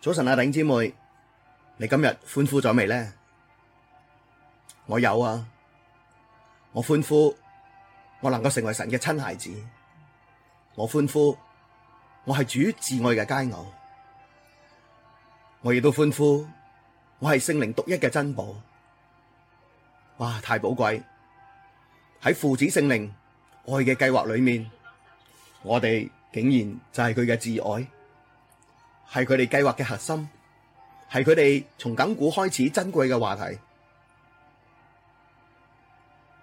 早晨啊，頂姐妹，你今日歡呼咗未呢？我有啊，我歡呼，我能夠成為神嘅親孩子，我歡呼我，我係主至愛嘅佳偶，我亦都歡呼，我係聖靈獨一嘅珍寶。哇，太寶貴！喺父子聖靈愛嘅計劃裏面，我哋竟然就係佢嘅至愛。係佢哋計劃嘅核心，係佢哋從亙古開始珍貴嘅話題。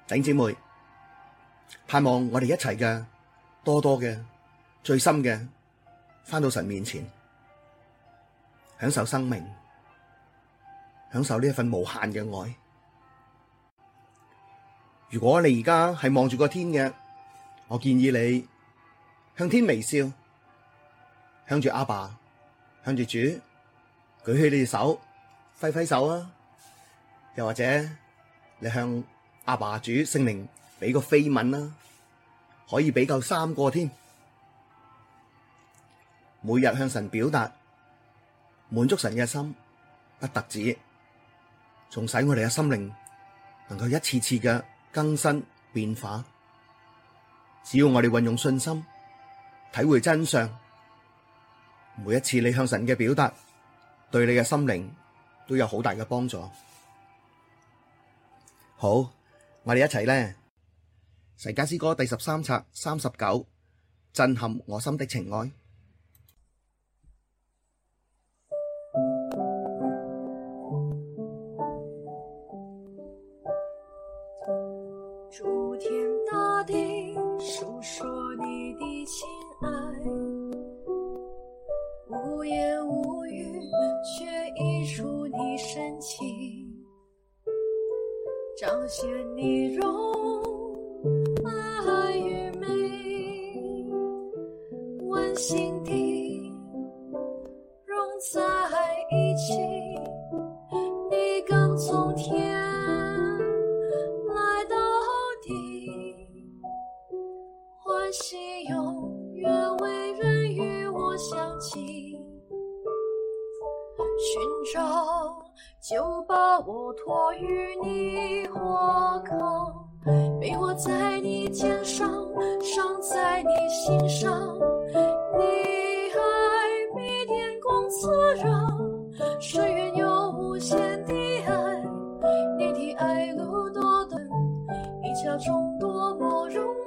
弟姐妹，盼望我哋一齊嘅、多多嘅、最深嘅，返到神面前，享受生命，享受呢一份無限嘅愛。如果你而家係望住個天嘅，我建議你向天微笑，向住阿爸，向住主舉起你隻手，揮揮手啊！又或者你向阿爸主聖靈俾個飛吻啦，可以俾夠三個添。每日向神表達，滿足神嘅心，不特止，仲使我哋嘅心靈能夠一次次嘅更新變化。只要我哋運用信心，體會真相。每一次你向神嘅表達，對你嘅心靈都有好大嘅幫助。好，我哋一齊咧，《神家詩歌》第十三冊三十九，震撼我心的情愛。可惜永遠無人與我相親，尋找就把我托於你荷扛，背 我在你肩上，傷在你心上。你愛比天光熾熱，深淵有無限的愛，你的愛路多短，一家中多麼榮。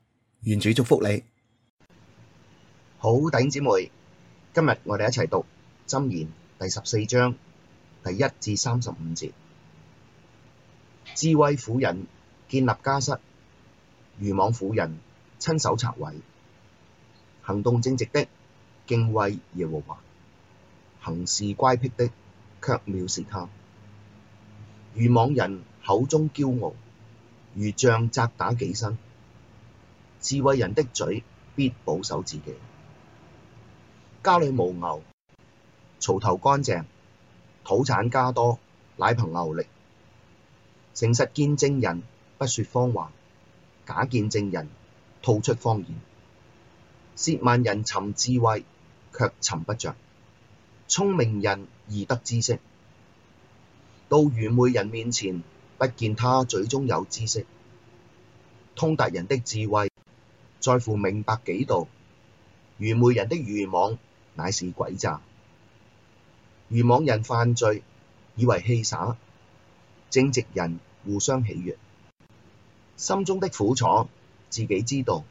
願主祝福你，好，弟兄姊妹，今日我哋一齊讀箴言第十四章第一至三十五節。智慧婦人建立家室，愚妄婦人親手拆毀。行動正直的，敬畏耶和華，行事乖僻的，卻藐視他。愚妄人口中驕傲，如杖責打己身。智慧人的嘴必保守自己。家裏無牛，槽頭乾淨，土產加多，乃憑牛力。誠實見證人不說謊話，假見證人吐出謊言。褻慢人尋智慧，卻尋不着。聰明人易得知識，到愚昧人面前，不見他嘴中有知識。通達人的智慧。在乎明白己道。愚昧人的愚妄乃是詭詐，愚妄人犯罪以為戲耍；正直人互相喜悅，心中的苦楚自己知道，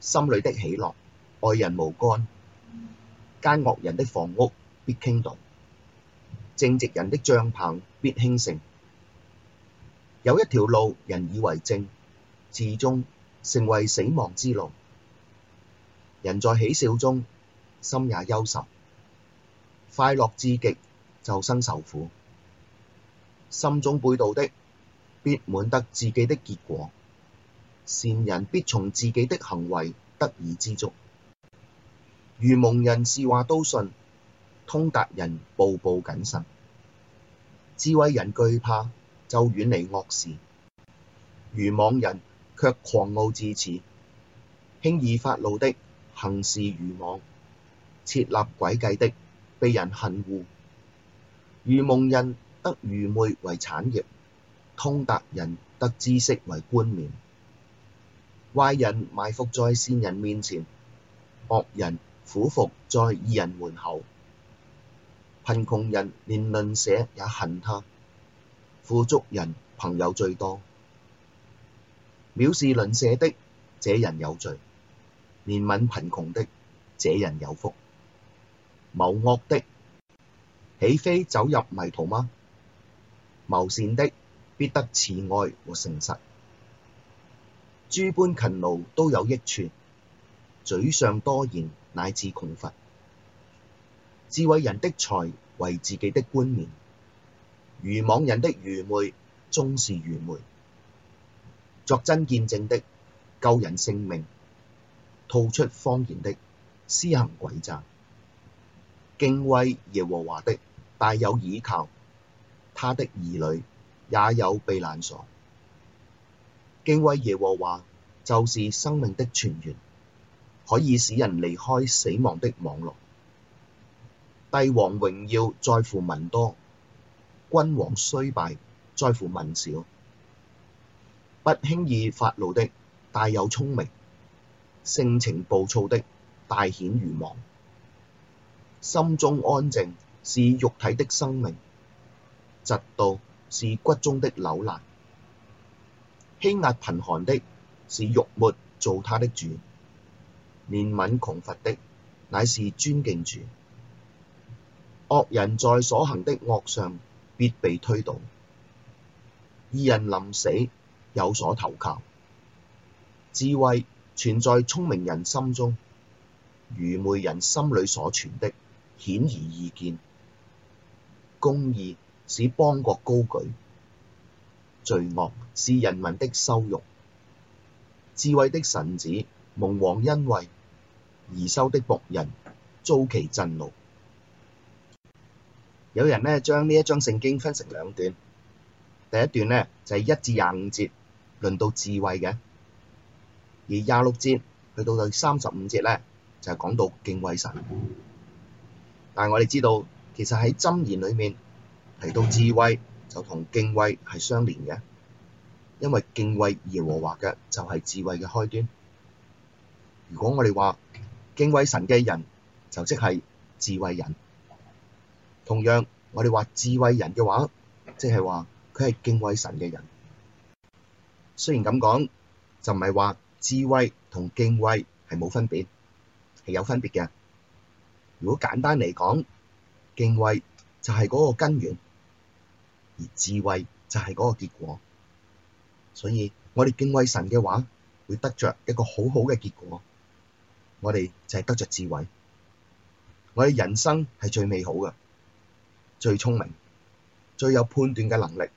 心裏的喜樂外人無干。奸惡人的房屋必傾倒，正直人的帳篷必興盛。有一條路，人以為正，至終。成為死亡之路。人在喜笑中，心也憂愁；快樂至極，就生愁苦。心中背道的，必滿得自己的結果。善人必從自己的行為得以知足。愚蒙人是話都信，通達人步步謹慎，智慧人懼怕，就遠離惡事。愚妄人。卻狂傲自恃，輕易發怒的，行事愚妄，設立詭計的，被人恨惡。愚蒙人得愚昧為產業，通達人得知識為冠冕。壞人埋伏在善人面前，惡人俯伏在義人門口。貧窮人連鄰舍也恨他，富足人朋友最多。藐視鄰舍的，這人有罪；憐憫貧窮的，這人有福。謀惡的，豈非走入迷途嗎？謀善的，必得慈愛和誠實。諸般勤勞都有益處，嘴上多言乃致窮乏。智慧人的財為自己的冠冕，愚妄人的愚昧終是愚昧。作真見證的，救人性命，吐出謊言的，施行詭詐，敬畏耶和華的，大有倚靠，他的兒女也有避難所。敬畏耶和華就是生命的泉源，可以使人離開死亡的網羅。帝王榮耀在乎民多，君王衰敗在乎民少。不輕易發怒的，大有聰明；性情暴躁的，大顯愚妄。心中安靜是肉體的生命，嫉妒是骨中的朽爛。欺壓貧寒的，是辱沒造他的主；憐憫窮乏的，乃是尊敬主。惡人在所行的惡上必被推倒，義人臨死，有所投靠，智慧存在聰明人心中，愚昧人心裏所存的顯而易見。公義使邦國高舉，罪惡是人民的羞辱。智慧的臣子，蒙王恩惠貽羞的僕人，遭其震怒。有人咧將呢將一章聖經分成兩段，第一段呢就係一至廿五節。論到智慧嘅，而廿六節去到第三十五節咧，就係講到敬畏神。但係我哋知道，其實喺箴言裏面提到智慧，就同敬畏係相連嘅，因為敬畏耶和華嘅就係智慧嘅開端。如果我哋話敬畏神嘅人，就即係智慧人。同樣，我哋話智慧人嘅話，即係話佢係敬畏神嘅人。雖然咁講，就唔係話智慧同敬畏係冇分別，係有分別嘅。如果簡單嚟講，敬畏就係嗰個根源，而智慧就係嗰個結果。所以，我哋敬畏神嘅話，會得着一個好好嘅結果。我哋就係得着智慧，我哋人生係最美好嘅，最聰明，最有判斷嘅能力。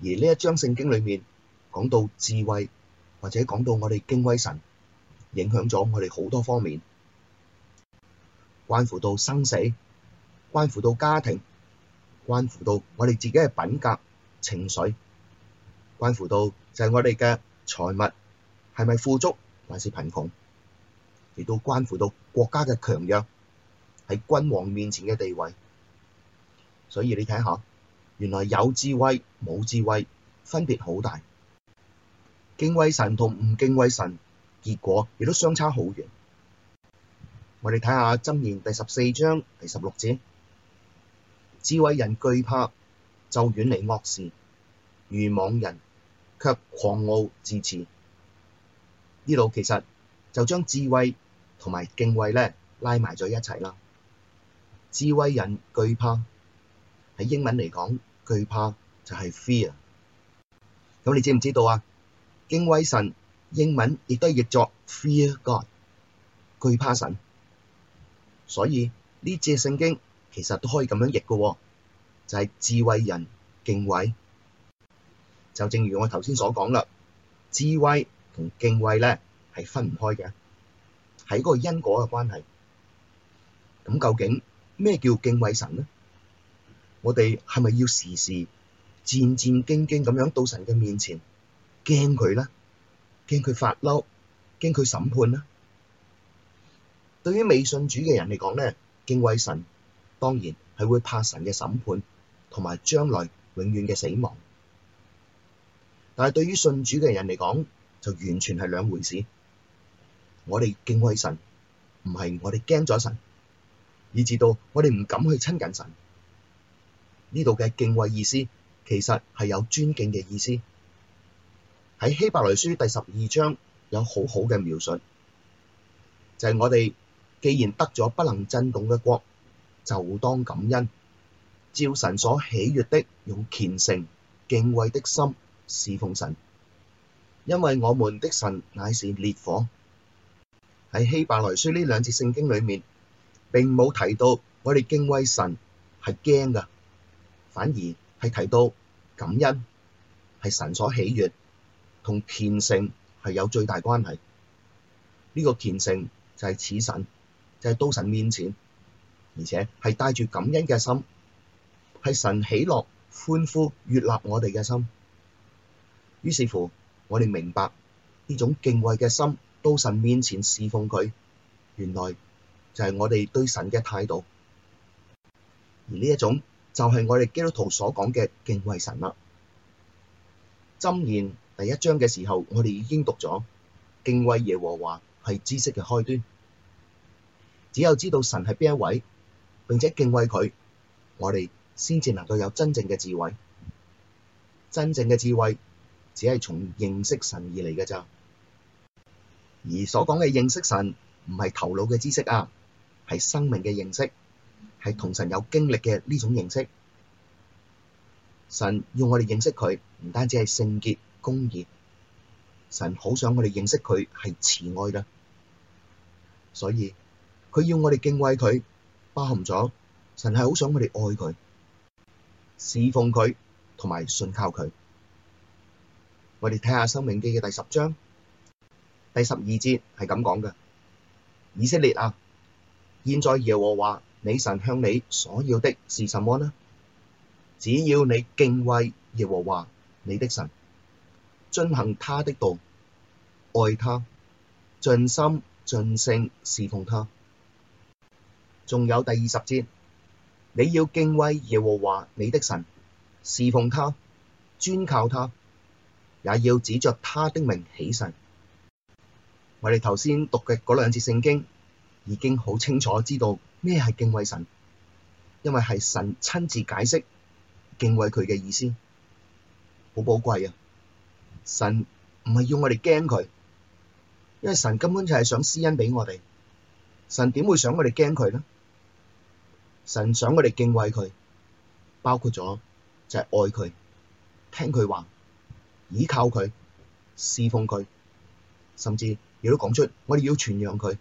而呢一章聖經裏面講到智慧，或者講到我哋敬畏神，影響咗我哋好多方面，關乎到生死，關乎到家庭，關乎到我哋自己嘅品格、情緒，關乎到就係我哋嘅財物，係咪富足還是貧窮，亦都關乎到國家嘅強弱，喺君王面前嘅地位。所以你睇下。原來有智慧冇智慧分別好大，敬畏神同唔敬畏神，結果亦都相差好遠。我哋睇下《箴言》第十四章第十六節：智慧人懼怕，就遠離惡事；愚妄人卻狂傲自恃。呢度其實就將智慧同埋敬畏咧拉埋咗一齊啦。智慧人懼怕，喺英文嚟講。懼怕就係 fear，咁你知唔知道啊？敬畏神英文亦都係譯作 fear God，懼怕神。所以呢隻聖經其實都可以咁樣譯㗎、喎，就係、是、智慧人敬畏。就正如我頭先所講啦，智慧同敬畏咧係分唔開嘅，係一個因果嘅關係。咁究竟咩叫敬畏神咧？我哋係咪要時時戰戰兢兢咁樣到神嘅面前驚佢咧？驚佢發嬲，驚佢審判咧？對於未信主嘅人嚟講呢，敬畏神當然係會怕神嘅審判同埋將來永遠嘅死亡。但係對於信主嘅人嚟講，就完全係兩回事。我哋敬畏神，唔係我哋驚咗神，以至到我哋唔敢去親近神。呢度嘅敬畏意思，其實係有尊敬嘅意思。喺希伯來書第十二章有好好嘅描述，就係、是、我哋既然得咗不能震動嘅國，就當感恩，照神所喜悅的，用虔誠敬畏的心侍奉神，因為我們的神乃是烈火。喺希伯來書呢兩節聖經裏面並冇提到我哋敬畏神係驚㗎。反而係提到感恩係神所喜悅，同虔誠係有最大關係。呢、這個虔誠就係事神，就係、是、到神面前，而且係帶住感恩嘅心，係神喜樂、歡呼、悅納我哋嘅心。於是乎，我哋明白呢種敬畏嘅心，到神面前侍奉佢，原來就係我哋對神嘅態度，而呢一種。就係我哋基督徒所講嘅敬畏神啦。箴言第一章嘅時候，我哋已經讀咗敬畏耶和華係知識嘅開端。只有知道神係邊一位，並且敬畏佢，我哋先至能夠有真正嘅智慧。真正嘅智慧只係從認識神而嚟嘅咋。而所講嘅認識神唔係頭腦嘅知識啊，係生命嘅認識。係同神有經歷嘅呢種認識，神要我哋認識佢，唔單止係聖潔公義，神好想我哋認識佢係慈愛啦。所以佢要我哋敬畏佢，包含咗神係好想我哋愛佢、侍奉佢同埋信靠佢。我哋睇下《生命記》嘅第十章第十二節係咁講嘅：以色列啊，現在耶和華。你神向你所要的是什麼呢？只要你敬畏耶和華你的神，遵行他的道，愛他，盡心盡性侍奉他。仲有第二十節，你要敬畏耶和華你的神，侍奉他，專靠他，也要指着他的名起誓。我哋頭先讀嘅嗰兩節聖經已經好清楚知道。咩係敬畏神？因為係神親自解釋敬畏佢嘅意思，好寶貴啊！神唔係要我哋驚佢，因為神根本就係想施恩畀我哋。神點會想我哋驚佢呢？神想我哋敬畏佢，包括咗就係愛佢、聽佢話、倚靠佢、侍奉佢，甚至亦都講出我哋要傳揚佢。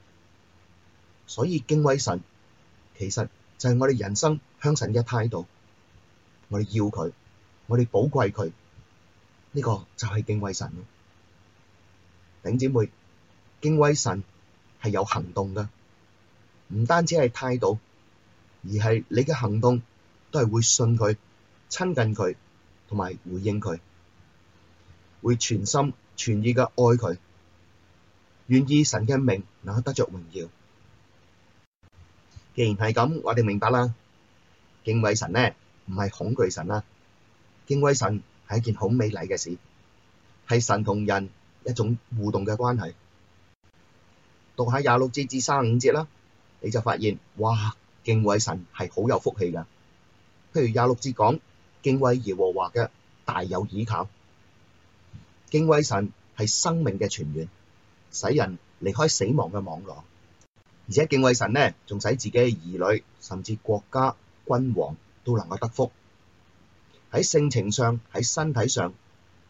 所以敬畏神。其實就係我哋人生向神嘅態度，我哋要佢，我哋寶貴佢，呢、這個就係敬畏神咯。丁姊妹，敬畏神係有行動噶，唔單止係態度，而係你嘅行動都係會信佢、親近佢、同埋回應佢，會全心全意嘅愛佢，願意神嘅名，能夠得着榮耀。既然係咁，我哋明白啦。敬畏神咧，唔係恐懼神啦。敬畏神係一件好美麗嘅事，係神同人一種互動嘅關係。讀下廿六節至卅五節啦，你就發現，哇！敬畏神係好有福氣噶。譬如廿六節講，敬畏耶和華嘅大有倚靠。敬畏神係生命嘅泉源，使人離開死亡嘅網羅。而且敬畏神呢，仲使自己嘅兒女甚至國家君王都能夠得福。喺性情上，喺身體上，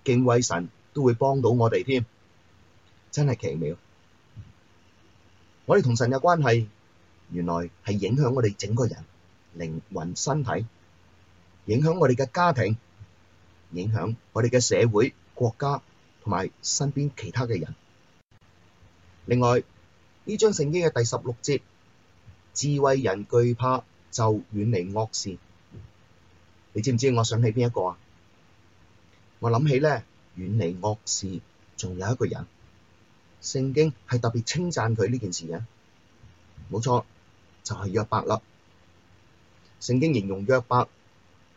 敬畏神都會幫到我哋添，真係奇妙。我哋同神嘅關係，原來係影響我哋整個人、靈魂、身體，影響我哋嘅家庭，影響我哋嘅社會、國家同埋身邊其他嘅人。另外，呢章聖經嘅第十六節，智慧人懼怕，就遠離惡事。你知唔知我想起邊一個啊？我諗起咧，遠離惡事仲有一個人，聖經係特別稱讚佢呢件事嘅。冇錯，就係約伯啦。聖經形容約伯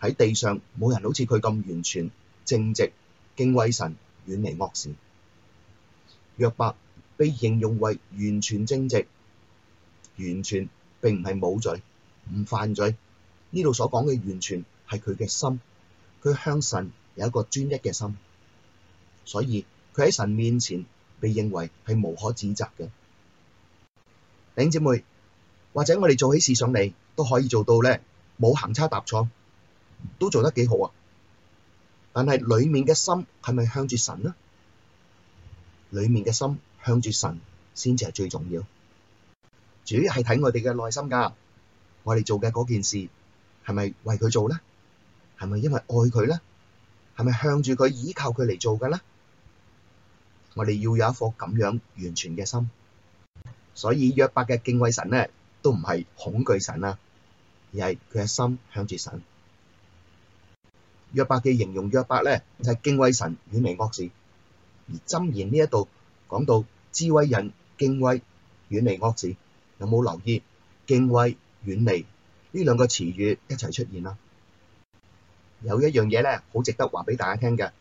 喺地上冇人好似佢咁完全、正直、敬畏神、遠離惡事。約伯。被形容為完全正直，完全並唔係冇罪，唔犯罪。呢度所講嘅完全係佢嘅心，佢向神有一個專一嘅心，所以佢喺神面前被認為係無可指責嘅。弟兄姊妹，或者我哋做起事上嚟都可以做到咧，冇行差踏錯，都做得幾好啊！但係裏面嘅心係咪向住神呢？裏面嘅心。向住神先至係最重要，主要係睇我哋嘅內心噶，我哋做嘅嗰件事係咪為佢做咧？係咪因為愛佢咧？係咪向住佢依靠佢嚟做嘅咧？我哋要有一顆咁樣完全嘅心，所以約伯嘅敬畏神咧，都唔係恐懼神啦，而係佢嘅心向住神。約伯嘅形容約伯咧就係敬畏神遠離惡事，而箴言呢一度。講到智慧人敬畏遠離惡事，有冇留意敬畏遠離呢兩個詞語一齊出現啦？有一樣嘢咧，好值得話俾大家聽嘅，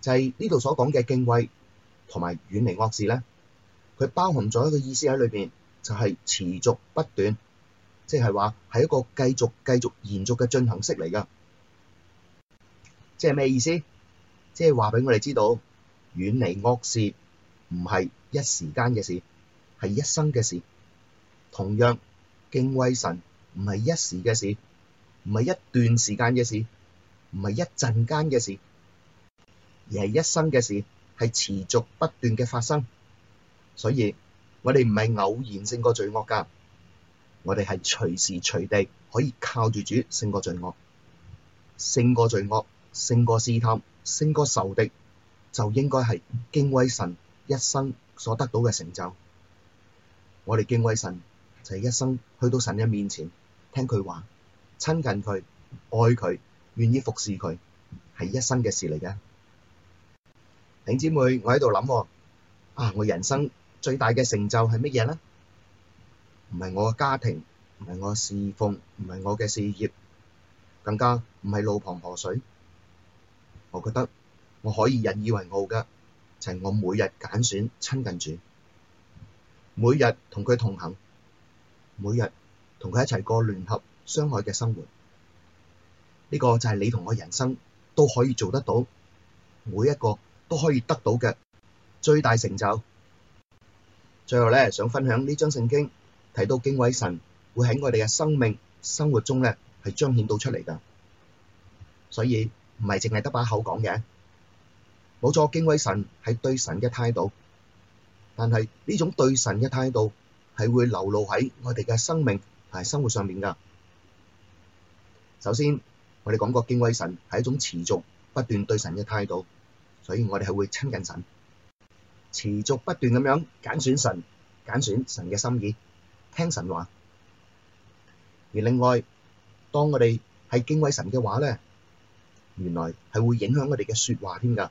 就係呢度所講嘅敬畏同埋遠離惡事咧，佢包含咗一個意思喺裏邊，就係持續不斷，即係話係一個繼續繼續延續嘅進行式嚟㗎。即係咩意思？即係話俾我哋知道遠離惡事。唔係一時間嘅事，係一生嘅事。同樣敬畏神唔係一時嘅事，唔係一段時間嘅事，唔係一陣間嘅事，而係一生嘅事，係持續不斷嘅發生。所以我哋唔係偶然勝過罪惡㗎，我哋係隨時隨地可以靠住主勝過罪惡，勝過罪惡，勝過試探，勝過仇敵，就應該係敬畏神。一生所得到嘅成就，我哋敬畏神就係、是、一生去到神嘅面前，聽佢話，親近佢，愛佢，願意服侍佢，係一生嘅事嚟嘅。頂姊妹，我喺度諗，啊，我人生最大嘅成就係乜嘢呢？唔係我嘅家庭，唔係我侍奉，唔係我嘅事業，更加唔係路旁河水。我覺得我可以引以為傲㗎。就係我每日揀選親近主，每日同佢同行，每日同佢一齊過聯合相愛嘅生活。呢個就係你同我人生都可以做得到，每一個都可以得到嘅最大成就。最後咧，想分享呢章聖經，提到敬畏神會喺我哋嘅生命生活中咧，係彰顯到出嚟㗎，所以唔係淨係得把口講嘅。冇錯，敬畏神係對神嘅態度，但係呢種對神嘅態度係會流露喺我哋嘅生命同埋生活上面噶。首先，我哋講過，敬畏神係一種持續不斷對神嘅態度，所以我哋係會親近神，持續不斷咁樣揀選神、揀選神嘅心意，聽神話。而另外，當我哋係敬畏神嘅話咧，原來係會影響我哋嘅說話添噶。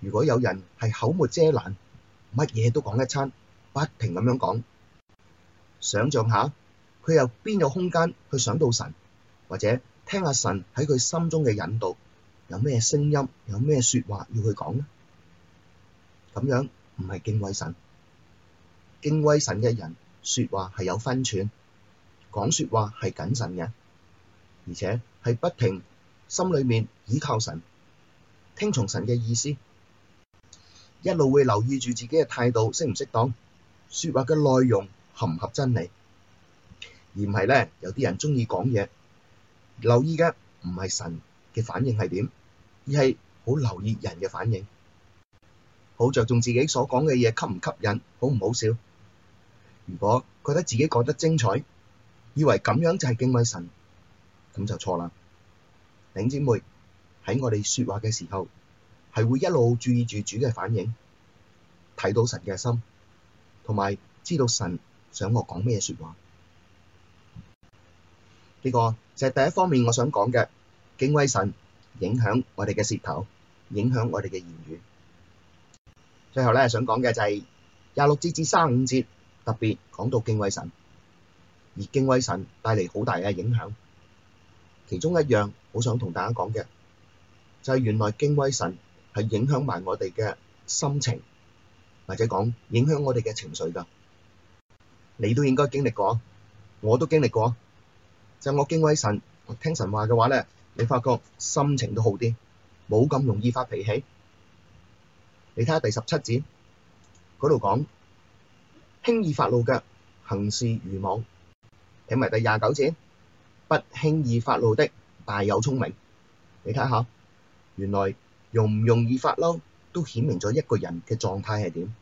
如果有人係口沒遮攔，乜嘢都講一餐，不停咁樣講，想像下佢又邊有個空間去想到神，或者聽下神喺佢心中嘅引導有咩聲音，有咩説話要去講咧？咁樣唔係敬畏神，敬畏神嘅人説話係有分寸，講説話係謹慎嘅，而且係不停心裏面倚靠神，聽從神嘅意思。一路會留意住自己嘅態度適唔適當，說話嘅內容合唔合真理，而唔係呢，有啲人鍾意講嘢，留意嘅唔係神嘅反應係點，而係好留意人嘅反應，好着重自己所講嘅嘢吸唔吸引，好唔好笑。如果覺得自己講得精彩，以為咁樣就係敬畏神，咁就錯啦。弟兄姊妹，喺我哋說話嘅時候，係會一路注意住主嘅反應，睇到神嘅心，同埋知道神想我講咩説話。呢個就係第一方面我想講嘅敬畏神，影響我哋嘅舌頭，影響我哋嘅言語。最後咧，想講嘅就係廿六節至三五節特別講到敬畏神，而敬畏神帶嚟好大嘅影響。其中一樣好想同大家講嘅就係原來敬畏神。係影響埋我哋嘅心情，或者講影響我哋嘅情緒㗎。你都應該經歷過，我都經歷過。就是、我敬畏神，聽神話嘅話咧，你發覺心情都好啲，冇咁容易發脾氣。你睇下第十七節嗰度講輕易發怒嘅，行事愚妄，睇埋第廿九節不輕易發怒的，大有聰明。你睇下，原來。容唔容易發嬲，都顯明咗一個人嘅狀態係點。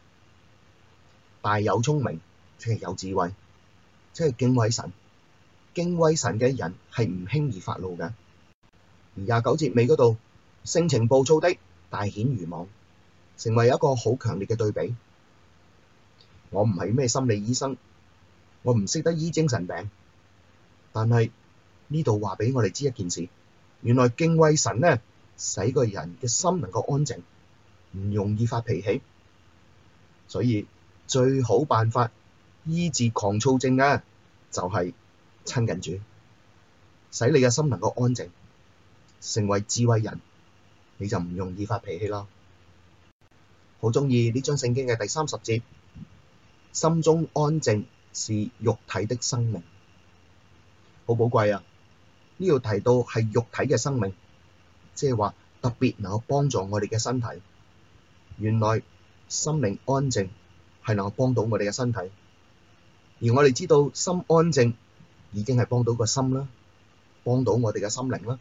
大有聰明，即係有智慧，即係敬畏神。敬畏神嘅人係唔輕易發怒嘅。而廿九節尾嗰度，性情暴躁的，大顯愚妄，成為一個好強烈嘅對比。我唔係咩心理醫生，我唔識得醫精神病，但係呢度話畀我哋知一件事，原來敬畏神呢。使個人嘅心能夠安靜，唔容易發脾氣，所以最好辦法醫治狂躁症啊，就係親近主，使你嘅心能夠安靜，成為智慧人，你就唔容易發脾氣啦。好鍾意呢張聖經嘅第三十節，心中安靜是肉體的生命，好寶貴啊！呢度提到係肉體嘅生命。即係話特別能夠幫助我哋嘅身體，原來心靈安靜係能夠幫到我哋嘅身體，而我哋知道心安靜已經係幫到個心啦，幫到我哋嘅心靈啦，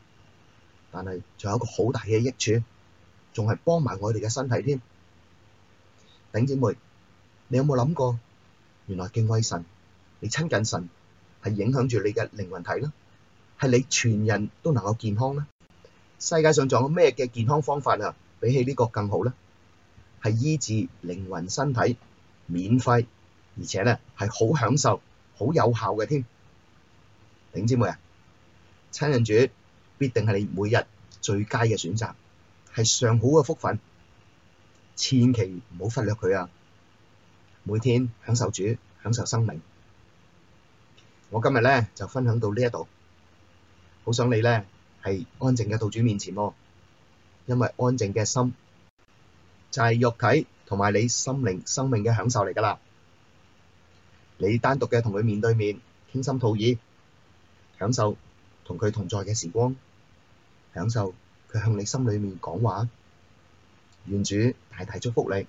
但係仲有一個好大嘅益處，仲係幫埋我哋嘅身體添。頂姐妹，你有冇諗過？原來敬畏神，你親近神係影響住你嘅靈魂體啦，係你全人都能夠健康啦。世界上仲有咩嘅健康方法啊？比起呢個更好咧，係醫治靈魂、身體，免費，而且咧係好享受、好有效嘅添。頂姊妹啊，親近主必定係你每日最佳嘅選擇，係上好嘅福分。千祈唔好忽略佢啊！每天享受主，享受生命。我今日咧就分享到呢一度，好想你咧～係安靜嘅道主面前咯，因為安靜嘅心就係肉體同埋你心靈生命嘅享受嚟噶啦，你單獨嘅同佢面對面傾心吐意，享受同佢同在嘅時光，享受佢向你心裏面講話，願主大大祝福你。